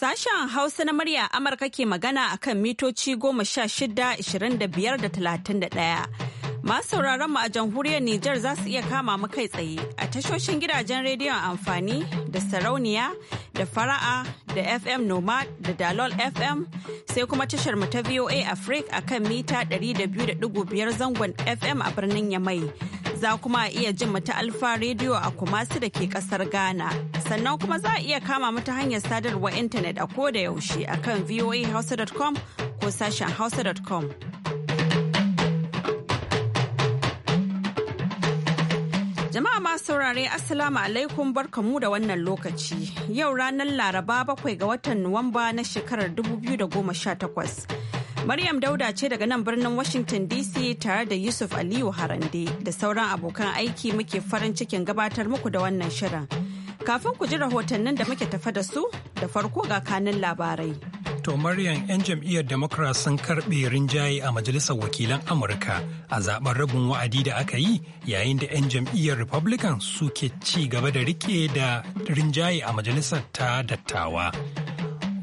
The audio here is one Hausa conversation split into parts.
Sashen Hausa na murya Amurka ke magana a kan mitoci goma sha shida, ishirin da biyar da talatin da ɗaya. Masu sauraron mu a jamhuriyar Nijar za su iya kama mu kai tsaye a tashoshin gidajen rediyon amfani da sarauniya da fara'a da FM Nomad da Dalol FM sai kuma tashar mu ta VOA Africa a kan mita 200.5 zangon FM a birnin Yamai. Za kuma a iya jin mu ta Alfa rediyo a Kumasi da ke kasar Ghana. Sannan kuma za a iya kama mata hanyar sadarwa intanet a ko da yaushe a kan voahouse.com ko sashen hausa.com. Jama'a ma saurare Assalamu alaikum barkamu da wannan lokaci. Yau ranar Laraba bakwai ga watan Nuwamba na shekarar 2018. Maryam Dauda ce daga nan birnin Washington DC tare da Yusuf Aliyu Harande da sauran abokan aiki muke farin cikin gabatar muku da wannan shirin. Kafin ku ji rahotannin da muke tafa da su da farko ga kanin labarai. To Maryam 'yan jam'iyyar Democrat sun karɓe rinjaye a Majalisar Wakilan Amurka a zaben rabin wa'adi da aka yi yayin da 'yan jam'iyyar Republican suke ci gaba da rike da rinjaye a Majalisar ta Dattawa.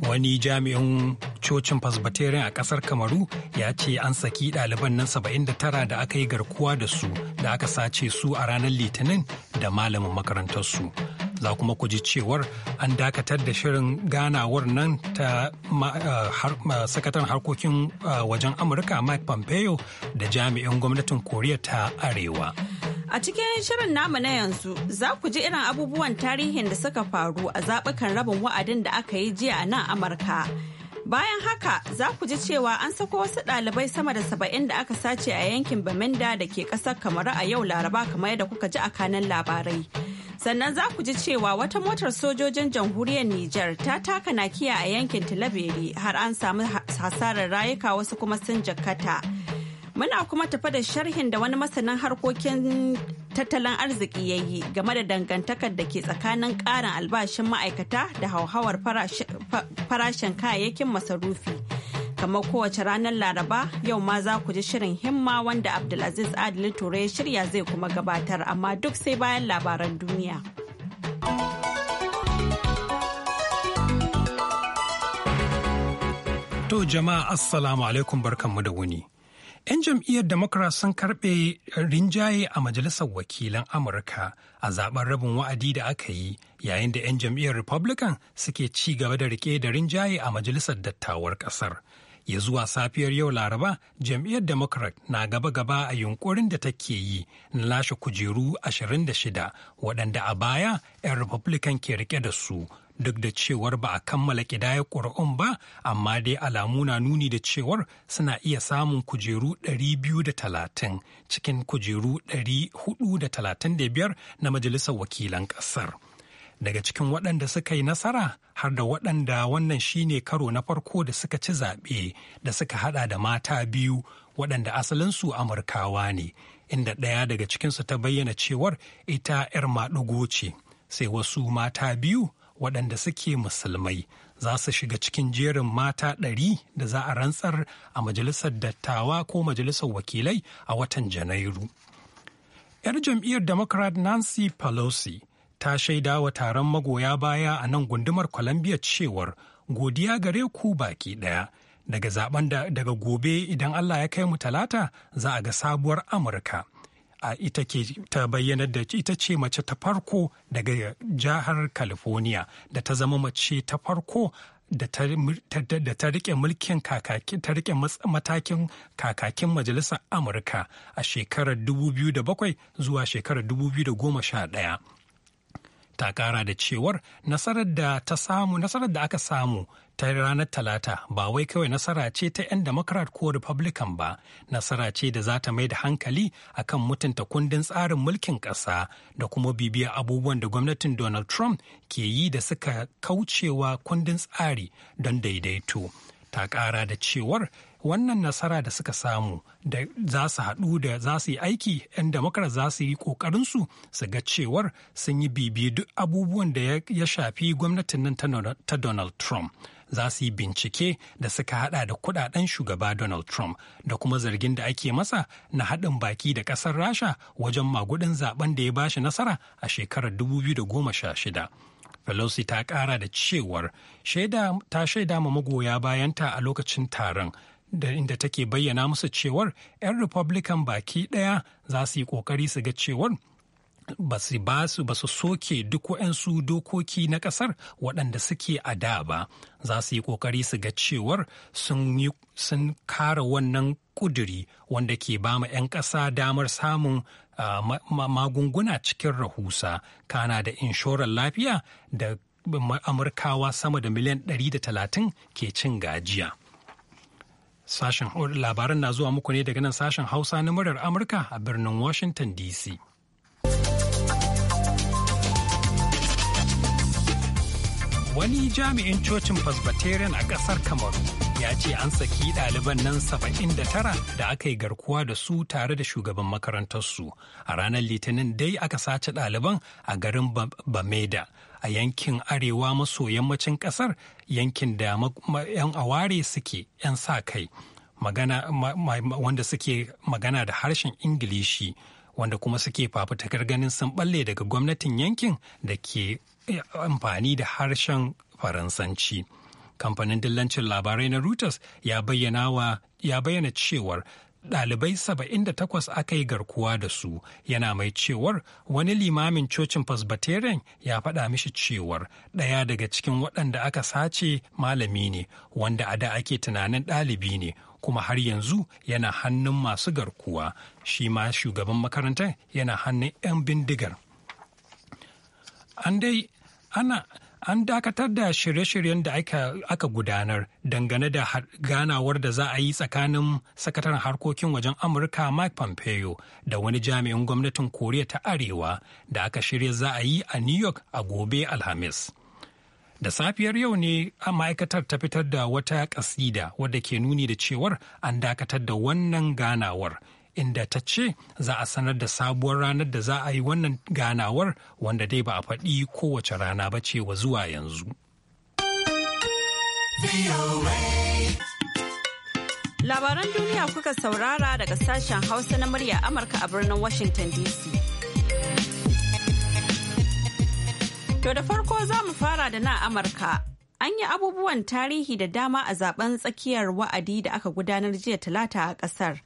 wani jami'in cocin presbyterian a kasar kamaru ya ce an saki ɗaliban nan 79 da aka yi garkuwa da su da aka sace su a ranar litinin da malamin makarantarsu za kuma ku ji cewar an dakatar da shirin ganawar nan ta eh, sakataren harkokin eh, wajen amurka mike pompeo da jami'in gwamnatin koriya ta arewa A cikin shirin namu na yanzu za ku ji irin abubuwan tarihin da suka faru a zaɓukan rabin wa'adin da aka yi jiya a nan Amurka. Bayan haka za ku ji cewa an sako wasu ɗalibai sama da saba'in da aka sace a yankin Baminda da ke ƙasar kamar a yau Laraba kamar yadda kuka ji a labarai. Sannan za ku ji cewa wata motar sojojin jamhuriyar Nijar ta taka nakiya a yankin Tilaberi har an samu hasarar rayuka wasu kuma sun jakata Muna kuma tafa da sharhin da wani masanin harkokin tattalin arziki ya yi game da dangantakar da ke tsakanin ƙarin albashin ma'aikata da hauhawar farashin kayayyakin masarufi. Kamar kowace ranar Laraba, yau ma za ku ji shirin himma wanda Abdulaziz Adilin Ture ya shirya zai kuma gabatar, amma duk sai bayan labaran duniya. To jama'a Assalamu alaikum barkanmu da wuni. 'Yan jam'iyyar Democrat sun karɓe rinjaye a Majalisar Wakilan Amurka a zaben rabin wa'adi da aka yi, yayin da 'yan jam'iyyar Republican suke ci gaba da rike da rinjaye a Majalisar Dattawar ƙasar. Ya zuwa safiyar yau Laraba, jam'iyyar Democrat na gaba-gaba a yunkurin da take yi na lashe kujeru 26 waɗanda a baya 'yan Republican ke rike da su duk da cewar ba a kammala ƙidayar ƙuri'un ba amma dai alamu na nuni da cewar suna iya samun kujeru 230 cikin kujeru 435 na majalisar wakilan ƙasar. daga cikin waɗanda suka yi nasara har da waɗanda wannan shine karo na farko da suka ci zaɓe da suka haɗa da mata biyu waɗanda asalinsu amurkawa ne inda ɗaya daga cikinsu ta bayyana cewar ita 'yar maɗugo ce sai wasu mata biyu waɗanda suke musulmai za su shiga cikin jerin mata ɗari da za a rantsar a majalisar dattawa ko majalisar wakilai a watan janairu. 'Yar jam'iyyar Democrat Nancy Pelosi ta shaida wa taron magoya baya a nan gundumar Columbia cewar godiya gare ku baki ɗaya. Daga zaben daga gobe idan Allah ya kai mu talata za a ga sabuwar Amurka. a ita ke ta bayyana da ita ce mace ta farko daga jihar california da ta zama mace ta farko da ta rike mulkin matakin kakakin majalisar amurka a shekarar 2007 zuwa shekarar 2011 ta kara da cewar nasarar nasarar da aka samu ta ranar talata ba wai kawai nasara ce ta 'yan democrat ko republican ba nasara ce da za ta mai da hankali akan mutunta kundin tsarin mulkin ƙasa da kuma bibiya abubuwan da gwamnatin donald trump ke yi da suka kaucewa kundin tsari don daidaito ta ƙara da cewar wannan nasara da suka samu da za su haɗu da za su yi aiki 'yan demokrat za su yi ƙoƙarinsu su ga cewar sun yi bibiyu duk abubuwan da ya shafi gwamnatin nan ta donald trump za su yi bincike da suka hada da kudaden shugaba Donald Trump da kuma zargin da ake masa na haɗin baki da ƙasar Rasha wajen magudin zaben da ya bashi nasara a shekarar 2016. Pelosi ta ƙara da cewar ta shaida ma magoya bayanta a lokacin taron da inda take bayyana musu cewar 'yan Republican baki ɗaya za su yi ƙoƙari su ga cewar ba su ba su ba su soke duk waɗansu dokoki na ƙasar waɗanda suke a da ba za su yi ƙoƙari su ga cewar sun kara wannan ƙuduri wanda ke ba ma 'yan ƙasa damar samun magunguna cikin rahusa kana da inshorar lafiya da amurkawa sama da miliyan 130 ke cin gajiya. Sashen labaran na zuwa muku ne daga nan sashen Hausa na murar Amurka a birnin Washington DC. wani jami'in cocin presbyterian a ƙasar kamaru ya ce an saki ɗaliban nan saba'in da tara da aka yi garkuwa da su tare da shugaban makarantarsu a ranar litinin dai aka sace ɗaliban a garin bameda a yankin arewa maso yammacin ƙasar yankin da 'yan aware suke 'yan sa kai wanda suke magana da harshen ingilishi wanda kuma suke fafutukar ganin sun balle daga gwamnatin yankin da ke amfani da harshen faransanci kamfanin dillancin labarai na reuters ya bayyana cewar ɗalibai 78 aka yi garkuwa da su yana mai cewar wani limamin cocin presbyterian ya faɗa mishi cewar ɗaya daga cikin waɗanda aka sace malami ne wanda a da ake tunanin ɗalibi ne kuma har yanzu yana hannun masu garkuwa shi ma shugaban makarantar yana hannun 'yan bindigar an dai ana an dakatar da shirye-shiryen da aka, gudanar dangane da ganawar da za a yi tsakanin sakataren harkokin wajen amurka mike pompeo da wani jami'in gwamnatin koriya ta arewa da aka shirya za a yi a new york a gobe alhamis da safiyar yau ne a ma'aikatar ta fitar da wata kasida wadda ke nuni da cewar an dakatar da wannan ganawar inda ta ce za a sanar da sabuwar ranar da za a yi wannan ganawar wanda dai ba a faɗi kowace rana ba ce wa zuwa yanzu. Labaran duniya kuka saurara daga sashen Hausa na murya Amurka a birnin Washington DC. To da farko za mu fara da na Amurka. An yi abubuwan tarihi da dama a zaben tsakiyar wa'adi da aka gudanar jiya talata a ƙasar.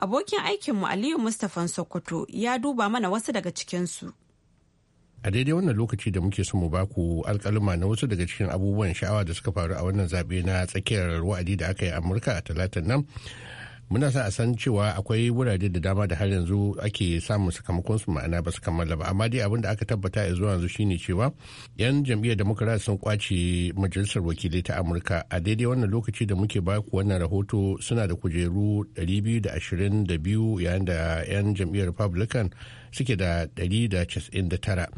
Abokin aikinmu Aliyu mustafan Sokoto ya duba mana wasu daga cikinsu. A daidai wannan lokaci da muke so mu ku alƙaluma na wasu daga cikin abubuwan sha'awa da suka faru a wannan zaɓe na tsakiyar wa'adi da aka yi Amurka a talatin nan muna sa a san cewa akwai wurare da dama da har yanzu ake samun sakamakon su ma'ana ba su kammala ba amma dai abin da aka tabbata ya zuwa yanzu shine cewa yan jam'iyyar democrat sun kwace majalisar wakilai ta amurka a daidai wannan lokaci da muke ba ku wannan rahoto suna da kujeru 222 yayin da yan jam'iyyar republican suke da 199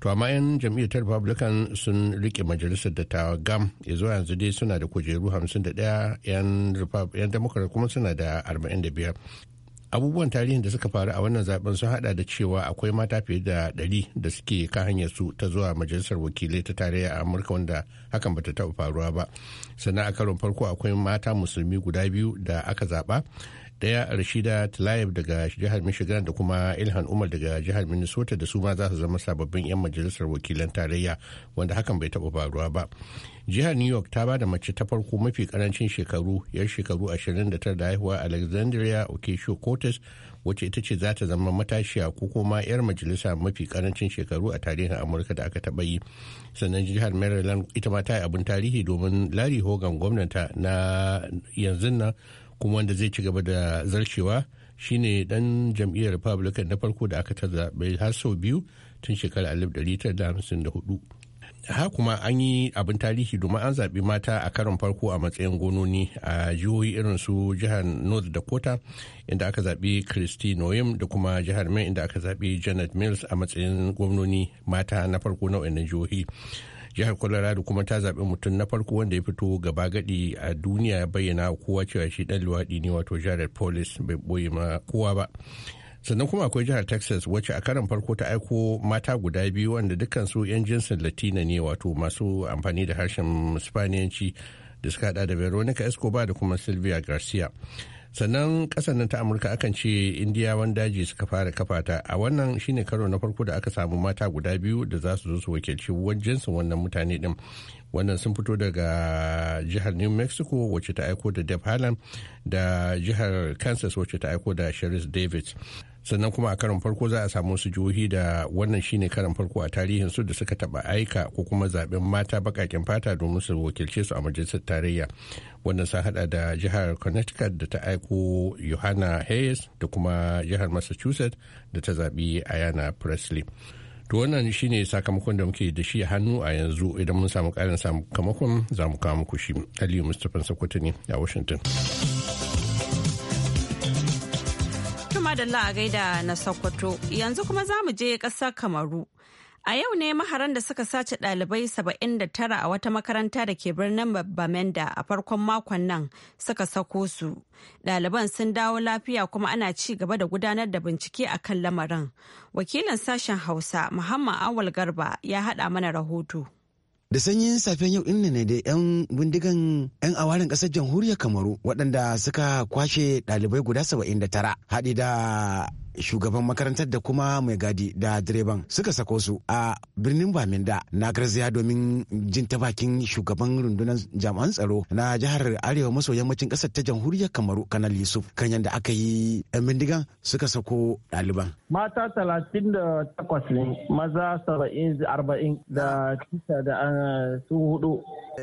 to amma 'yan jam'iyyar ta republican sun rike majalisar ta gam ya zuwa yanzu dai suna da kujeru 51 'yan democrat kuma suna da biyar. abubuwan tarihin da suka faru a wannan zaben sun hada da cewa akwai mata fiye da ɗari da suke kan hanyar su ta zuwa majalisar wakilai ta tarayya a amurka wanda hakan bata taɓa faruwa ba sannan a karon farko akwai mata musulmi guda biyu da aka zaɓa daya rashida tlaib daga jihar michigan da kuma ilhan umar daga jihar minnesota da su ma za su zama sababbin 'yan majalisar wakilan tarayya wanda hakan bai taba faruwa ba jihar new york ta ba da mace ta farko mafi karancin shekaru yar shekaru 29 da haihuwa alexandria ocasio cortez wacce ita ce za ta zama matashiya ko kuma 'yar majalisa mafi karancin shekaru a tarihin amurka da aka taɓa yi sannan jihar maryland ita ma ta yi abin tarihi domin larry hogan gwamnata na yanzu nan kuma wanda zai ci gaba da zarcewa shine dan jam'iyyar republican na farko da aka ta zaɓe har sau biyu tun shekarar 1954 ha kuma an yi abin tarihi domin an zaɓi mata a karon farko a matsayin gononi a jihohi irin su jihar north dakota inda aka zaɓi christy noyem da kuma jihar mai inda aka zaɓi janet mills a matsayin gwamnoni mata na farko na jihohi jihar colorado kuma ta zaɓi mutum na farko wanda ya fito gaba gadi a duniya ya bayyana kowa cewa shi ɗan luwaɗi ne wato jared polis bai ɓoye ma kowa ba sannan kuma akwai jihar texas wacce a karan farko ta aiko mata guda biyu wanda dukkan su 'yan jinsin latina ne wato masu amfani da harshen spaniyanci da suka hada da veronica escobar da kuma sylvia garcia sannan kasan nan ta amurka akan ce indiyawan daji suka fara kafa ta a wannan shine karo na farko da aka samu mata guda biyu da za su zo su wakilci jinsin wannan mutane din wannan sun fito daga jihar new mexico wacce ta aiko da deb da jihar kansas wacce ta aiko da sheriff david sannan kuma a karin farko za a samu su jihohi da wannan shine karin farko a tarihin su da suka taba aika ko kuma zaben mata bakakin fata domin su wakilce su a majalisar tarayya wannan sun hada da jihar connecticut da ta aiko yohana hayes da kuma jihar massachusetts da ta zaɓi ayana presley to wannan shine sakamakon da muke da shi a hannu a yanzu idan mun samu karin sakamakon za mu kawo muku shi aliyu mustapha sokoto ne a washington madalla a gaida na Sokoto. Yanzu kuma za mu je ƙasar Kamaru. A yau ne maharan da suka sace ɗalibai 79 a wata makaranta da ke birnin Bamenda a farkon makon nan suka sako su. Ɗaliban sun dawo lafiya kuma ana ci gaba da gudanar da bincike a kan lamarin. Wakilin sashen Hausa, Muhammad Awal Garba, ya haɗa mana rahoto. da sanyin safen yau din ne da 'yan bindigan 'yan awarin ƙasar jamhuriyar kamaru waɗanda suka kwashe ɗalibai guda 79 haɗi da shugaban makarantar da kuma mai gadi da direban suka sako su a birnin baminda na garziya domin jin ta bakin shugaban rundunar jami'an tsaro na jihar arewa maso yammacin kasar ta jamhuriyar kamaru kanal yusuf kan yadda aka yi yan bindigan suka sako ɗaliban. mata talatin da takwas ne maza saba'in arba'in da tisa da eh, su hudu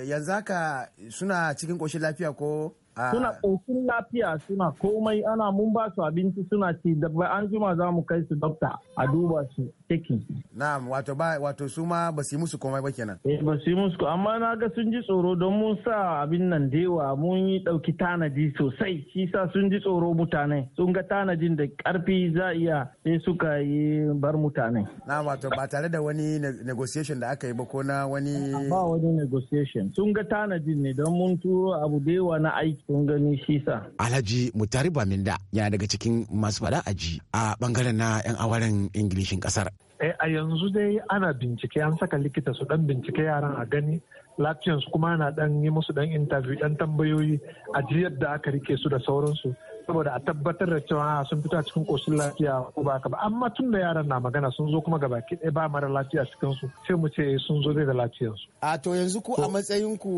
yanzu haka suna cikin ƙoshin lafiya ko Ah. suna ƙoƙin lafiya suna komai ana mun ba su abinci suna ci da an jima za mu kai su dokta a duba su taking. Na'am wato ba wato su ma ba su yi musu komai ba kenan. Eh ba su yi musu amma na ga sun ji tsoro don mun sa abin nan dewa mun yi dauki tanadi sosai shi sa sun ji tsoro mutane sun ga tanadin da karfi za iya sai suka yi bar mutane. Na'am wato ba tare da wani negotiation da aka yi ba ko na wani ba wani negotiation sun ga tanadin ne don mun turo abu dewa na aiki sun gani shi sa. Alhaji Mutari Baminda yana daga cikin masu fada aji a bangaren na 'yan awaren Ingilishin kasar. eh a yanzu dai ana bincike an saka likita su dan bincike yaran a gani lafiyansu kuma ana dan yi musu dan interview dan tambayoyi a da aka rike su da sauransu saboda a tabbatar da cewa ah, sun fito a cikin koshin lafiya ko ba ka ba amma tun da yaran na magana sun zo kuma gabaki ɗaya ba mara lafiya cikin su sai mu ce eh, sun zo da lafiyansu a to yanzu ku a matsayin ku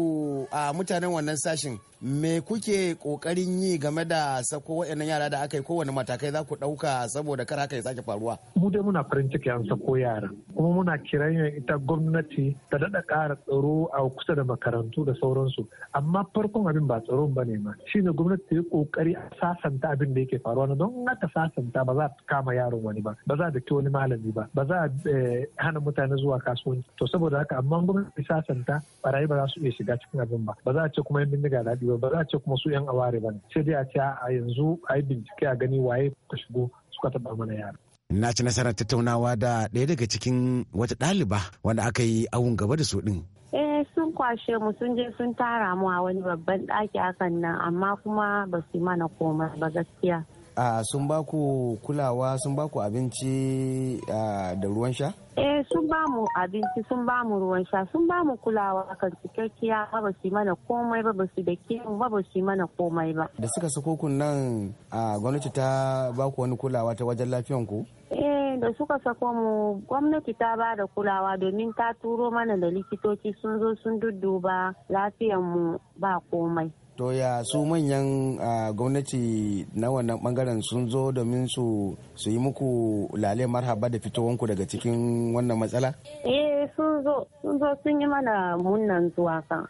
a mutanen wannan sashin me kuke kokarin yi game da sako waɗannan yara da aka yi kowane matakai za ku ɗauka saboda kar haka ya sake faruwa? Mu dai muna farin ciki an sako yara kuma muna kiran ita gwamnati ta daɗa kara tsaro a kusa da makarantu da sauransu amma farkon abin ba tsaron ba ne ma shine gwamnati ta yi kokari a sasanta abin da yake faruwa na don aka sasanta ba za ta kama yaron wani ba ba za ta ke wani malami ba ba za a eh, hana mutane zuwa kasuwanci to saboda haka amma gwamnati sasanta barayi ba za su iya shiga cikin abin ba ba za a ce kuma yin bindiga daɗi ba ba za a ce kuma su yan aware ba sai dai a ce a yanzu a yi bincike a gani waye ka shigo suka taɓa mana yara. na ci nasarar tattaunawa da ɗaya daga cikin wata ɗaliba wanda aka yi awun gaba da su ɗin. eh sun kwashe mu sun je sun tara mu a wani babban ɗaki hakan nan amma kuma ba su mana komai ba gaskiya Uh, sun ba ku kulawa sun ba ku abinci uh, da ruwan sha? Eh sun ba mu abinci sun ba mu ruwan sha sun ba mu kulawa kan cikakkiya ba ba su mana komai ba ba su da kemu ba ba su mana komai ba. Da suka su kun nan uh, gwamnati ta ba ku wani kulawa ta wajen lafiyan ku? Eh da suka sako mu gwamnati ta ba da kulawa domin ta turo mana da likitoci sun zo sun dudduba lafiyan mu ba komai. to ya su manyan gwamnati na wannan bangaren sun zo domin su yi muku lale marhaba da fitowanku daga cikin wannan matsala? eh sun zo sun zo sun yi mana munnan zuwa kan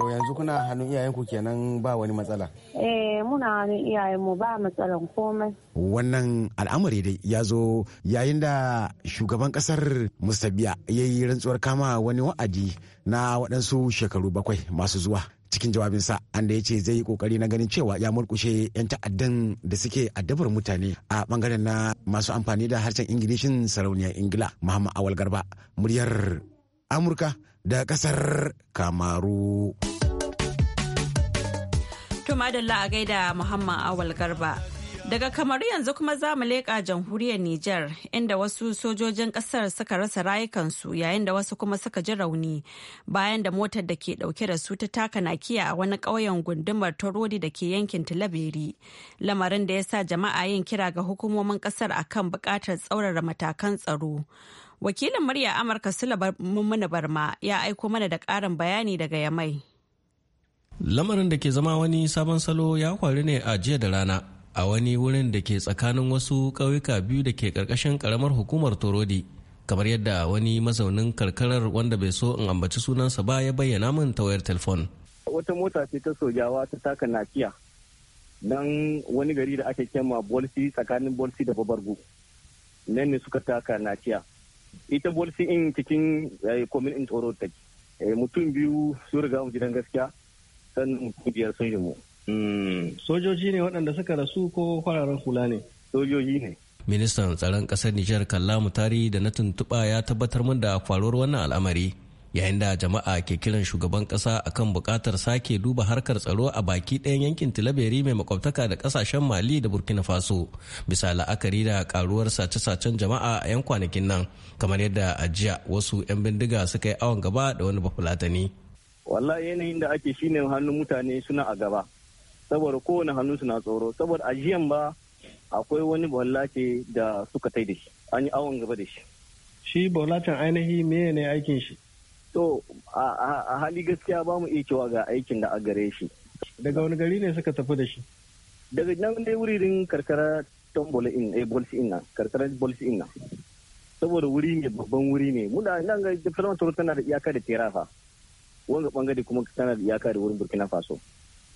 to yanzu kuna hannun iyayenku kenan ba wani matsala eh muna hannun iyayenmu ba matsalan komai wannan al'amari dai ya zo yayin da shugaban kasar musabiya ya yi rantsuwar kama wani wa'adi na waɗansu shekaru bakwai masu zuwa cikin jawabinsa an da ya ce zai yi kokari na ganin cewa ya murkushe 'yan ta'addan da suke addabar mutane a bangaren na masu amfani da harshen ingilishin sarauniyar ingila muhammad awal garba muryar amurka da kasar kamaru to madalla a gaida muhammad awal garba Daga kamar yanzu kuma za mu leƙa jamhuriyar Nijar inda wasu sojojin ƙasar suka rasa rayukansu yayin da wasu kuma suka ji rauni bayan da motar da ke ɗauke da su ta taka nakiya a wani ƙauyen gundumar Torodi da ke yankin Tilaberi. Lamarin da ya sa jama'a yin kira ga hukumomin ƙasar a kan buƙatar tsaurara matakan tsaro. Wakilin murya Amurka Sula Mummuna Barma ya aiko mana da ƙarin bayani daga Yamai. Lamarin da ke zama wani sabon salo ya faru ne a jiya da rana a wani wurin da ke tsakanin wasu ƙauyuka biyu da ke ƙarƙashin ƙaramar hukumar torodi kamar yadda wani mazaunin karkarar wanda bai so in ambaci sunansa ba ya bayyana min ta wayar telefon. wata mota ce ta sojawa ta taka nafiya nan wani gari da ake kema bolsi tsakanin bolsi da babargu nan ne suka taka nafiya ita bolsi in cikin eh, komin in tsoro take eh, mutum biyu sun riga mu gidan gaskiya sannan mutum biyar sun yi mu Mm. sojoji ne waɗanda suka rasu ko fararen hula ne sojoji ne ministan tsaron ƙasar nijar kalla mutari da na tuntuɓa ya tabbatar min da faruwar wannan al'amari yayin da jama'a ke kiran shugaban ƙasa akan buƙatar sake duba harkar tsaro a baki ɗayan yankin tilaberi mai makwabtaka da ƙasashen mali da burkina faso bisa la'akari da karuwar sace-sacen jama'a a 'yan kwanakin nan kamar yadda a jiya wasu 'yan bindiga suka yi awon gaba da wani bafulatani wallahi yanayin da ake shine hannun mutane suna a gaba saboda kowane hannunsu na tsoro saboda ajiyan ba akwai wani bolace da suka tai da shi an yi awon gaba da shi shi bolacen ainihi meye ne aikin shi to a hali gaskiya ba mu iya cewa ga aikin da a gare shi daga wani gari ne suka tafi da shi daga nan dai wuririn karkara tombola in eh bolsi karkara bolsi in saboda wuri ne babban wuri ne muna nan ga tana da iyaka da terafa wanga bangare kuma tana da iyaka da wurin burkina faso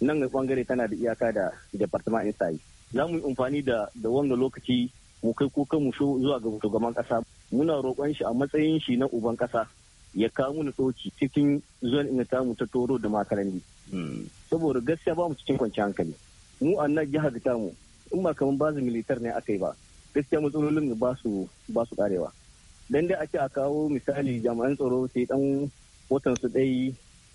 nan ga bangare tana da iyaka da Departement Insai. za mu yi amfani da da wannan lokaci mu kai kukan mu zuwa ga shugaban kasa muna roƙon shi a matsayin shi na uban kasa ya kawo mu tsoki cikin zuwan ina ta mu ta toro da makarani hmm. saboda gaskiya ba mu cikin kwanciyar hankali mu a nan jihar ta mu in ba kamar bazu militar ne aka yi ba gaskiya matsalolin ba su ba su karewa dan dai ake a kawo misali jami'an tsaro sai dan watan su dai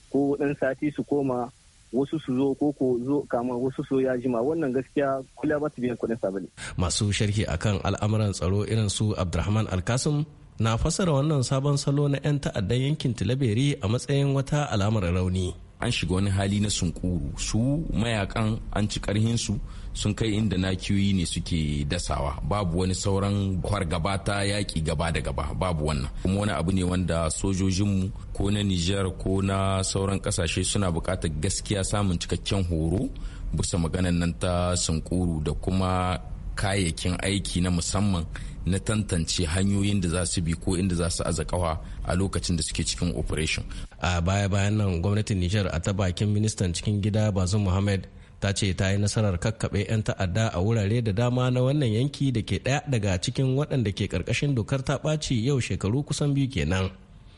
ko dan sati su koma wasu su zo ko ko zo kama wasu su ya jima wannan gaskiya kula ba su biyan kuɗin sabali. Masu sharhi akan al'amuran tsaro irin su Abdulrahman alkasim na fassara wannan sabon salo na 'yan ta'addan yankin Tilaberi a matsayin wata alamar rauni. An shiga wani hali na sunkuru su mayakan an ci karhinsu su sun kai inda nakiyoyi ne suke dasawa babu wani sauran gaba ta yaƙi gaba da gaba babu wannan kuma wani abu ne wanda sojojinmu ko na nijar ko na sauran ƙasashe suna buƙatar gaskiya samun cikakken horo bisa maganan nan ta sunkuru da kuma kayayyakin aiki na musamman na tantance hanyoyin da za su bi ko inda za su aza kawa a lokacin da suke cikin operation. A baya-bayan nan gwamnatin Nijar a ta bakin ministan cikin gida Bazum Muhammad ta ce ta yi nasarar kakkaɓe 'yan ta'adda a wurare da dama na wannan yanki da ke ɗaya daga cikin waɗanda ke ƙarƙashin dokar ta ɓaci yau shekaru kusan biyu kenan.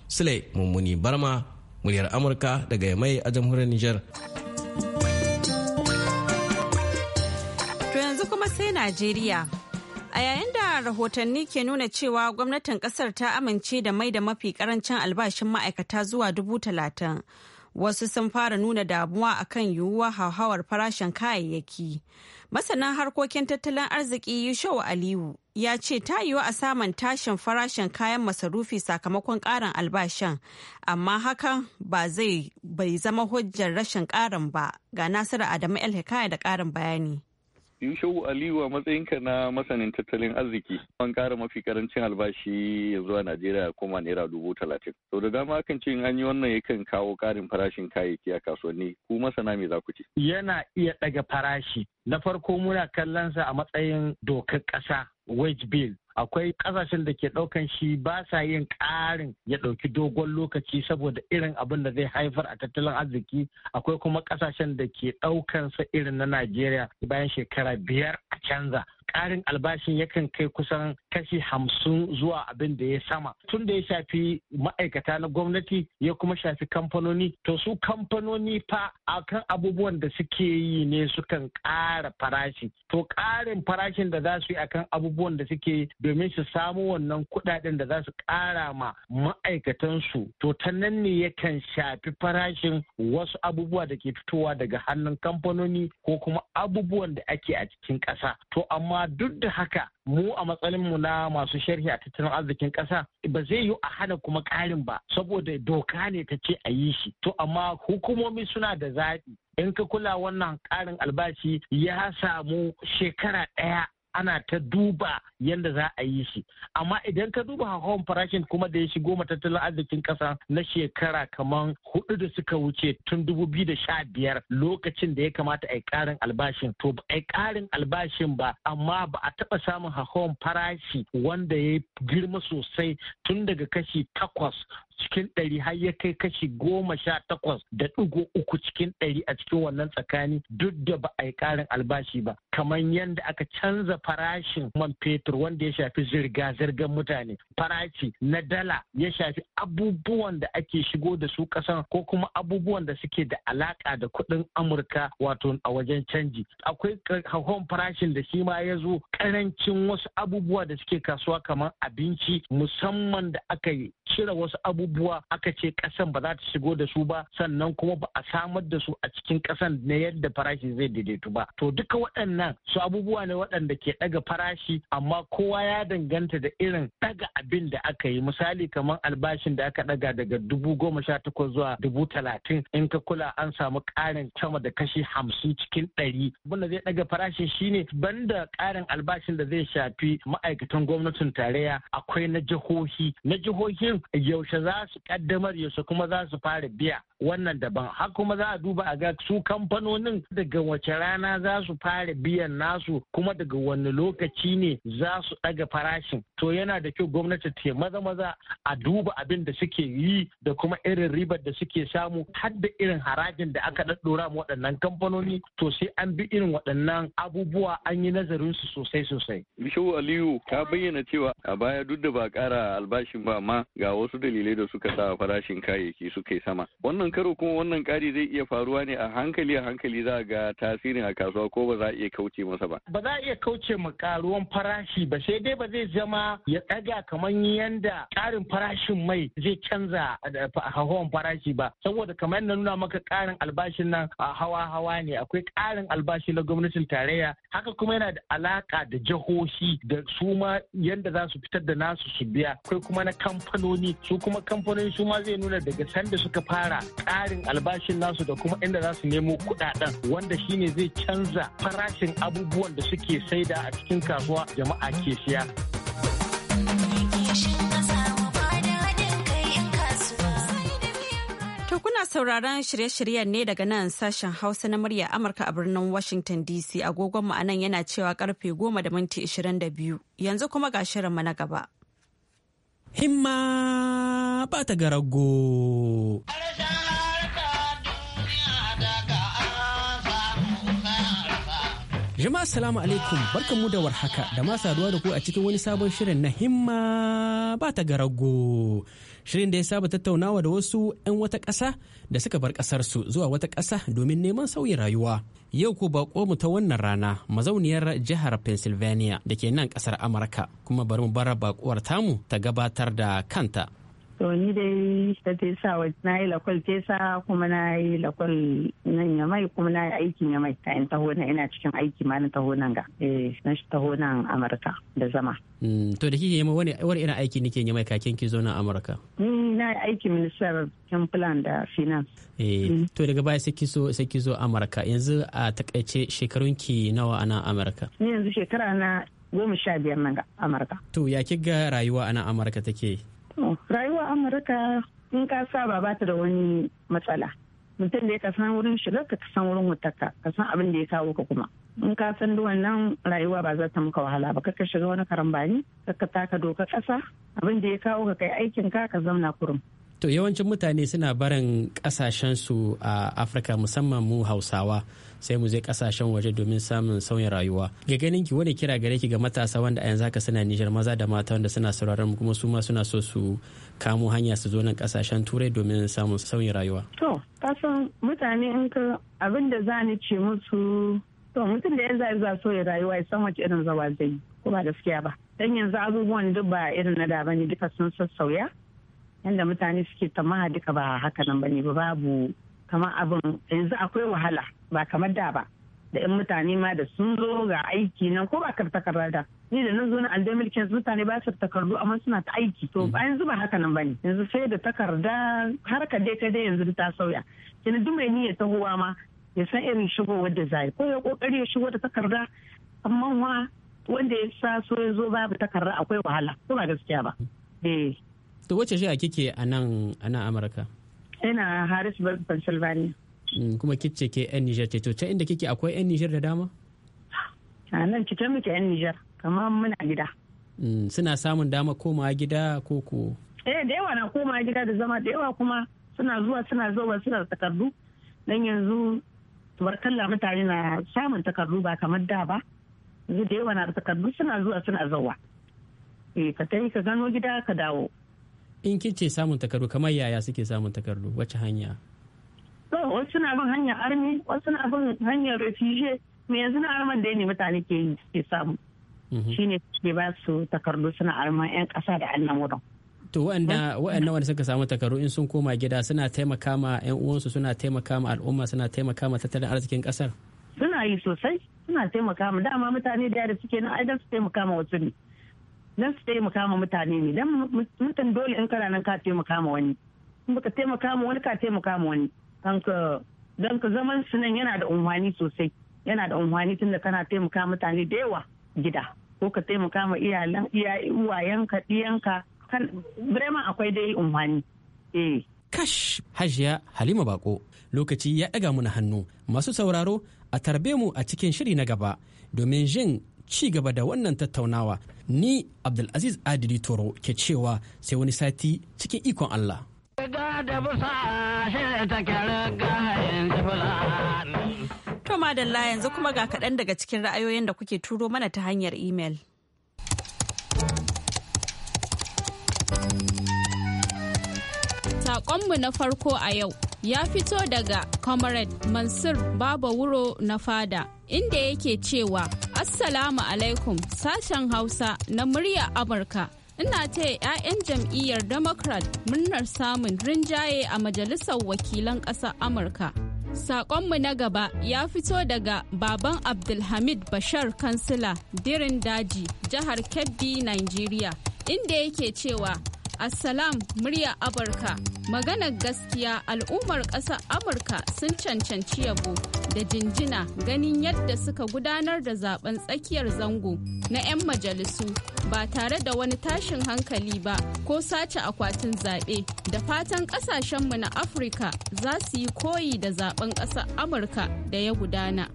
Sule Mummuni Barma, muryar Amurka daga Yamai a jamhuriyar Nijar. To yanzu kuma sai Najeriya. A yayin da rahotanni ke nuna cewa gwamnatin kasar ta amince da mai da mafi karancin albashin ma'aikata zuwa dubu talatin. wasu sun fara nuna damuwa akan yiwuwa hauhawar farashin kayayyaki masanan harkokin tattalin arziki yushau aliyu ya ce ta yiwu a samun tashin farashin kayan masarufi sakamakon karin albashin amma hakan ba zai bai zama hujjar rashin karin ba ga nasiru adamu el da karin bayani Yushau Aliyu a matsayinka na masanin tattalin arziki an kara mafi karancin albashi ya zuwa Najeriya kuma naira dubu talatin. Sau da dama kan ce in an yi wannan yakan kawo karin farashin kayayyaki a kasuwanni ku masana me za ku ce? Yana iya ɗaga farashi. Na farko muna kallon sa a matsayin dokar ƙasa wage bill akwai kasashen da ke daukan shi ba sa yin karin ya dauki dogon lokaci saboda irin abin da zai haifar a tattalin arziki akwai kuma kasashen da ke daukan sa irin na Najeriya bayan shekara biyar a canza karin albashin yakan kai kusan kashi hamsin zuwa abin da ya sama tun da ya shafi ma'aikata na gwamnati ya kuma shafi kamfanoni to su kamfanoni fa akan abubuwan da suke yi ne sukan ƙara farashi to ƙarin farashin da za su yi akan abubuwan da suke domin su samu wannan kuɗaɗen da za su ƙara ma ma'aikatansu to ta nan ne yakan shafi farashin wasu abubuwa da ke fitowa daga hannun kamfanoni ko kuma abubuwan da ake a cikin ƙasa to amma duk da haka mu a mu na masu sharhi a tattalin arzikin ƙasa ba zai yi a hana kuma ƙarin ba saboda doka ne ta ce a yi shi to amma hukumomi suna da zaɓi in ka kula wannan ƙarin albashi ya samu shekara ɗaya ana ta duba yadda za a yi shi amma idan ka duba hawan farashin kuma da ya shigo matattalin arzikin kasa na shekara kamar hudu da suka wuce tun da biyar lokacin da ya kamata a yi karin albashin to ba a yi karin albashin ba amma ba a taba samun hawan farashi wanda ya girma sosai tun daga kashi takwas cikin ɗari har ya kai kashi goma sha takwas da ɗigo uku cikin ɗari a cikin wannan tsakani duk da ba a yi ƙarin albashi ba kamar yadda aka canza farashin man fetur wanda ya shafi zirga-zirgar mutane farashi na dala ya shafi abubuwan da ake shigo da su ƙasan ko kuma abubuwan da suke da alaƙa da kuɗin amurka wato a wajen canji akwai hauhawan farashin da shi ma ya zo ƙarancin wasu abubuwa da suke kasuwa kamar abinci musamman da aka yi cire wasu abubuwa abubuwa aka ce kasan ba za ta shigo da su ba sannan kuma ba a samar da su a cikin kasan na yadda farashi zai daidaitu ba to duka waɗannan su abubuwa ne waɗanda ke ɗaga farashi amma kowa ya danganta da irin ɗaga abin da aka yi misali kamar albashin da aka ɗaga daga dubu goma sha takwas zuwa dubu talatin in ka kula an samu ƙarin sama da kashi hamsin cikin ɗari abinda zai ɗaga farashin shine banda ƙarin albashin da zai shafi ma'aikatan gwamnatin tarayya akwai na jihohi na jihohin yaushe za za su kaddamar kuma za su fara biya wannan daban har kuma za a duba a ga su kamfanonin daga wace rana za su fara biyan nasu kuma daga wani lokaci ne za su daga farashin to yana da kyau gwamnati ta maza maza a duba abin da suke yi da kuma irin ribar da suke samu har da irin harajin da aka ɗaɗɗora ma waɗannan kamfanoni to sai an bi irin waɗannan abubuwa an yi nazarin su sosai sosai. bishiyu Aliyu ka bayyana cewa a baya duk da ba ƙara albashin ba amma ga wasu dalilai da da suka sa farashin kayayyaki suka yi sama wannan karo kuma wannan ƙari zai iya faruwa ne a hankali a hankali za ga tasirin a kasuwa ko ba za a iya kauce masa ba ba za a iya kauce ma karuwan farashi ba sai dai ba zai zama ya ɗaga kamar yadda ƙarin farashin mai zai canza hawan farashi ba saboda kamar yadda nuna maka ƙarin albashin nan a hawa hawa ne akwai ƙarin albashi na gwamnatin tarayya haka kuma yana da alaka da jihohi da suma yadda za su fitar da nasu su biya akwai kuma na kamfanoni su kuma kamfanin su ma zai nuna daga sanda suka fara ƙarin albashin nasu da kuma inda za su nemo kuɗaɗen wanda shine zai canza farashin abubuwan da suke saida a cikin kasuwa jama'a ke siya. kuna sauraron shirye-shiryen ne daga nan sashen Hausa na murya Amurka a birnin Washington DC agogon mu nan yana cewa karfe goma da minti 22 yanzu kuma ga shirinmu na gaba. himma ba ta garago. Jama'a salamu alaikum mu da warhaka da ma saduwa da ku a cikin wani sabon shirin na himma ba ta garago. Shirin da ya saba tattaunawa da wasu 'yan wata ƙasa da suka bar ƙasarsu zuwa wata ƙasa domin neman sauyin rayuwa. Yau ko bako mu ta wannan rana mazauniyar jihar Pennsylvania da ke nan ƙasar Amurka kuma bari mu bara bakuwar tamu ta gabatar da kanta. to ni dai ta te sa wa na yi lakwal sa kuma na yi lakwal nan ya mai kuma na yi aikin ya mai kayan taho nan ina cikin aiki ma na taho nan ga eh na shi taho nan amurka da zama mm, to da kike yi wani wani irin aiki nike yi mai kakin ki zo amurka ni na yi aiki minister kin plan da finance eh mm. to daga baya sai ki zo sai ki zo amurka yanzu a takaice shekarun ki nawa a nan amurka ni yanzu shekara na goma sha biyar nan ga amurka to ya ga rayuwa a nan amurka take rayuwa amurka in ka saba ba ta da wani matsala mutum da ya san wurin shiga ka san wurin wutarka ka san abin da ya kawo ka kuma in ka san wannan rayuwa ba za ta maka wahala ba kaka shiga wani karambani ka taka doka kasa abin da ya kawo ka kai aikin ka ka zauna kurum to yawancin mutane suna barin su a afirka musamman mu hausawa sai mu je kasashen waje domin samun sauyin rayuwa ga ganin ki wani kira gare ki ga matasa wanda a yanzu haka suna nijar maza da mata wanda suna sauraron mu kuma su ma suna so su kamo hanya su zo nan kasashen turai domin samun sauyin rayuwa to kasan mutane in ka abin da za ni ce musu to mutum da yanzu za so ya rayuwa ya san wace irin zawa zai yi ko ba gaskiya ba dan yanzu abubuwan duk ba irin na da bane duka sun sassauya yadda mutane suke tamaha duka ba haka nan bane ba babu kamar abin yanzu akwai wahala ba kamar da ba da yan mutane ma da sun zo ga aiki nan ko ba karta da ni da nan zo na aldai mulkin mutane ba su takardu amma suna ta aiki to ba mm. yanzu ba haka nan bane yanzu sai da takarda ka dai ta dai yanzu ta sauya kina duk mai niyyar tahowa ma ya san irin shigo wanda zai ko ya kokari ya shigo da takarda amma wa wanda ya sa so ya zo babu takarda akwai wahala ko ba gaskiya ba eh to wace a kike a nan a nan amurka ina harrisburg pennsylvania mm, kuma kice ke yan nijar ce to can inda kike akwai yan nijar da dama a nan cikin muke yan nijar kamar muna gida mm, suna samun dama koma gida ko ko eh da yawa na komawa gida da zama da yawa kuma suna zuwa suna zuwa suna takardu dan yanzu tubarkalla mutane na samun takardu ba kamar da ba yanzu da yawa na takardu suna zuwa suna zuwa. eh ka tafi ka gano gida ka dawo in kin ce samun takardu kamar yaya suke samun takardu wacce hanya to wasu na bin hanyar armi wasu na bin hanyar refugee me yanzu na arman da ne mutane ke yi suke samu mhm. shine ke ba su takardu suna arman yan kasa da annan wurin to waɗanda wanda suka samu takardu in sun koma gida suna taimaka ma yan uwansu suna taimaka ma al'umma suna taimaka ma tattalin arzikin kasar suna yi sosai suna taimaka ma dama mutane da yadda suke nan aidan su taimaka ma wasu ne don su taimaka ma mutane ne don mutum dole in kana nan ka taimaka ma wani in baka taimaka ma wani ka taimaka ma wani don ka zaman su nan yana da umarni sosai yana da tun tunda kana taimaka mutane da yawa gida ko ka taimaka ma iyalan uwayenka ɗiyanka kan vraiment akwai dai umarni eh kash hajiya halima bako lokaci ya ɗaga mu na hannu masu sauraro a tarbe mu a cikin shiri na gaba domin jin ci gaba da wannan tattaunawa ni abdulaziz adili toro ke cewa sai wani sati cikin ikon allah To madalla yanzu kuma ga kaɗan daga cikin ra'ayoyin da kuke turo mana ta hanyar imel. Saƙonmu na farko a yau ya fito daga comrade mansur baba wuro na fada inda yake cewa assalamu alaikum sashen hausa na murya amurka ina ce 'ya'yan jam'iyyar democrat murnar samun rinjaye a majalisar wakilan ƙasar amurka saƙonmu na gaba ya fito daga baban Abdulhamid Bashar Kansila Dirin Daji, jihar Kebbi, Nigeria, inda yake cewa Assalam murya Amurka. Maganar gaskiya al'ummar ƙasar Amurka sun cancanci yabo da jinjina ganin yadda suka gudanar da zaben tsakiyar zango na 'yan majalisu ba tare da wani tashin hankali ba ko sace akwatin zaɓe da fatan ƙasashenmu na Afirka za su yi koyi da zaben ƙasar Amurka da ya gudana.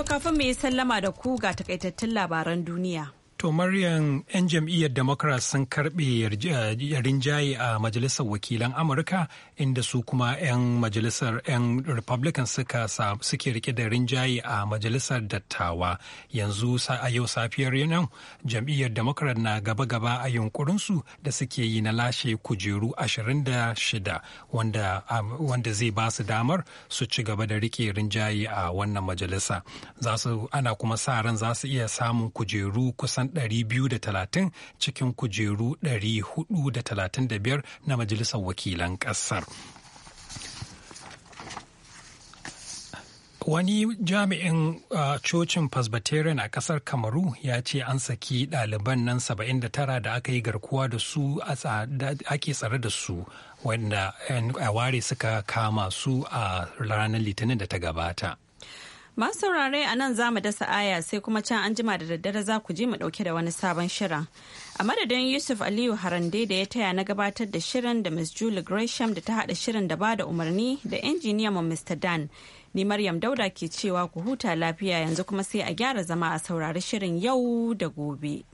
To kafin mu yi sallama da ku ga takaitattun labaran duniya. To Maryam 'yan jam'iyyar Democrat sun karɓe rinjaye a Majalisar Wakilan Amurka inda su kuma 'yan Majalisar 'yan Republican suke rike da rinjaye a Majalisar Dattawa. Yanzu a yau safiyar nan jam'iyyar Democrat na gaba-gaba a yunkurinsu da suke yi na lashe kujeru 26 wanda, um, wanda zai ba su damar su ci gaba da rike rinjaye a wannan majalisa. ana kuma sa ran za su iya samun kujeru kusan 230 cikin kujeru 435 na Majalisar Wakilan ƙasar. Wani jami'in cocin Presbyterian a ƙasar Kamaru ya ce an saki ɗaliban nan 79 da aka yi garkuwa da su ake tsare da su wanda eh, ware suka kama su a ranar litinin da ta gabata. Masu saurare a nan za mu dasa aya sai kuma can an jima da daddare za ku je mu dauke da wani sabon shirin. A madadin Yusuf Aliyu Harande da ya taya na gabatar da shirin da Miss Julie Gresham da ta haɗa shirin da ba da umarni da injiniyan mu Mr. Dan. Ni Maryam Dauda ke cewa ku huta lafiya yanzu kuma sai a gyara zama a saurari shirin yau da gobe.